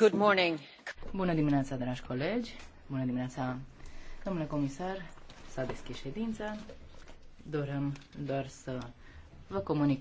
Good morning. Bună dimineața, dragi colegi. Bună dimineața, domnule comisar. S-a deschis ședința. Dorăm doar să vă comunic